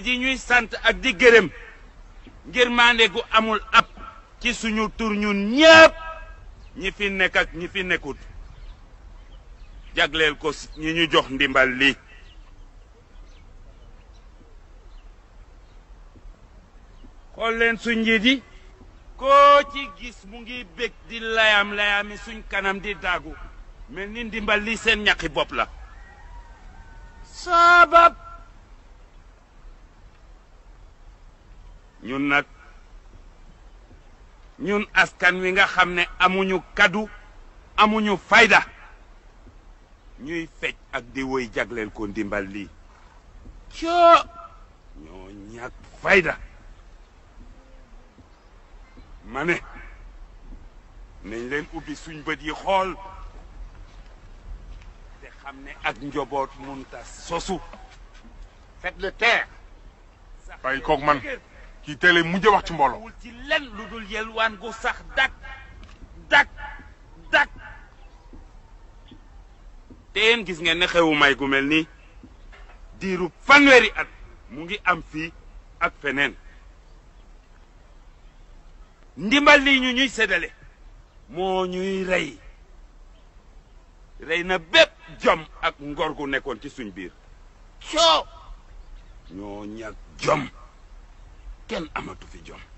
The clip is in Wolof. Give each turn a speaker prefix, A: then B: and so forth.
A: yi ñuy sant ak di gërëm ngir maande gu amul ab ci suñu tur ñun ñépp ñi fi nekk ak ñi fi nekkut jagleel ko ñi ñu jox ndimbal li xool leen suñ njiit yi koo ci gis mu ngi bég di layam layami suñ kanam di daagu mel ni ndimbal li seen ñaxi bopp la ñun nag ñun askan wi nga xam ne amuñu kaddu amuñu fayda ñuy fecc ak di woy ko ndimbal li coo ñoo fayda ma ne nañ leen ubbi suñ bët yi xool te xam ne ak njoboot munta sosu faites le taire bàyyi koog man ki tey lay mujj wax ci mbolo ci lenn luddul yel wan gu sax dak dak dak. teen gis ngeen ne xewu may gu melni diru fanweri at mu ngi am fi ak fenen ndimbal lii ñu ñuy sédalé mo ñuy rey rey na bép jom ak ngor gu nekkon ci suñ biir. ño ñak jom. kenn amatu fi jom